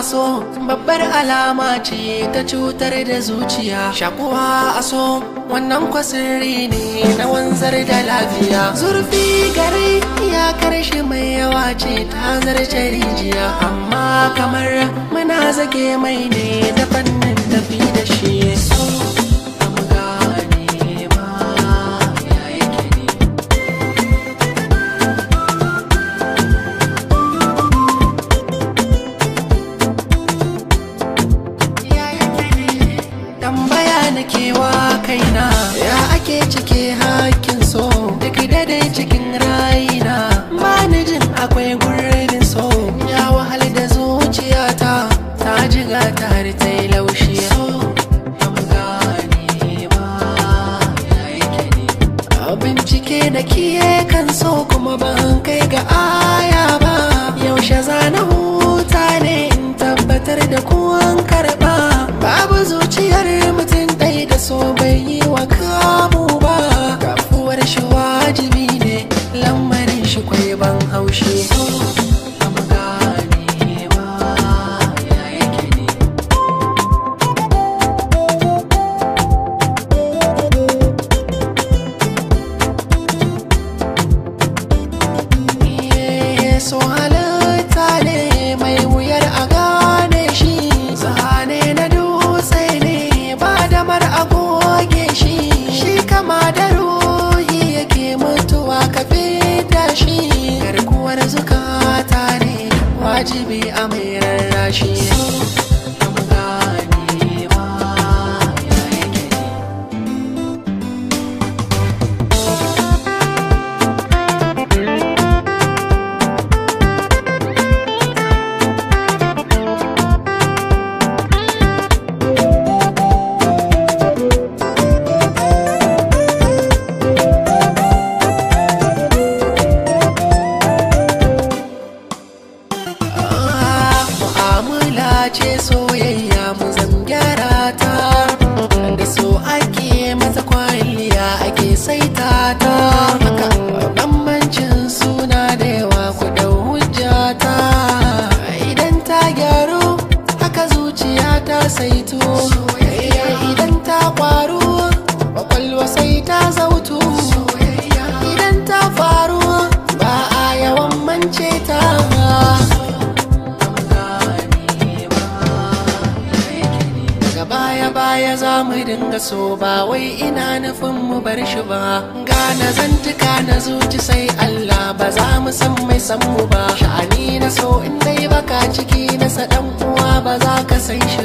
Aso babbar alama ce ta cutar da zuciya shakuwa aso wannan kwasirri ne na wanzar da lafiya zurfi gari ya karshe mai yawa ce ta zarce rijiya amma kamar muna zage mai ne ta fannin da kiye kan so kuma ban kai ga aya ba yaushe zana huta ne in tabbatar da kuwan karba babu zuciyar mutum ɗai da so bai yi wa kamu ba kafuwar shi wajibi ne lamarin shi kwai ban haushi su halitta ne mai wuyar a gane shi zane na dutse ne ba damar a goge shi shi kama da ruhi yake mutuwa ka fita shi garkuwar zukata ne wajibi a mai rarrashi ce soyayya mu gyara ta da so ake masa kwaliya ake saita ta baya baya za mu dinga so ba wai ina nufin mu bar shi ba gana zantuka na zuci sai Allah ba za mu san mai san mu ba sha'ani na so in dai baka ciki na sa dan uwa ba za ka san shi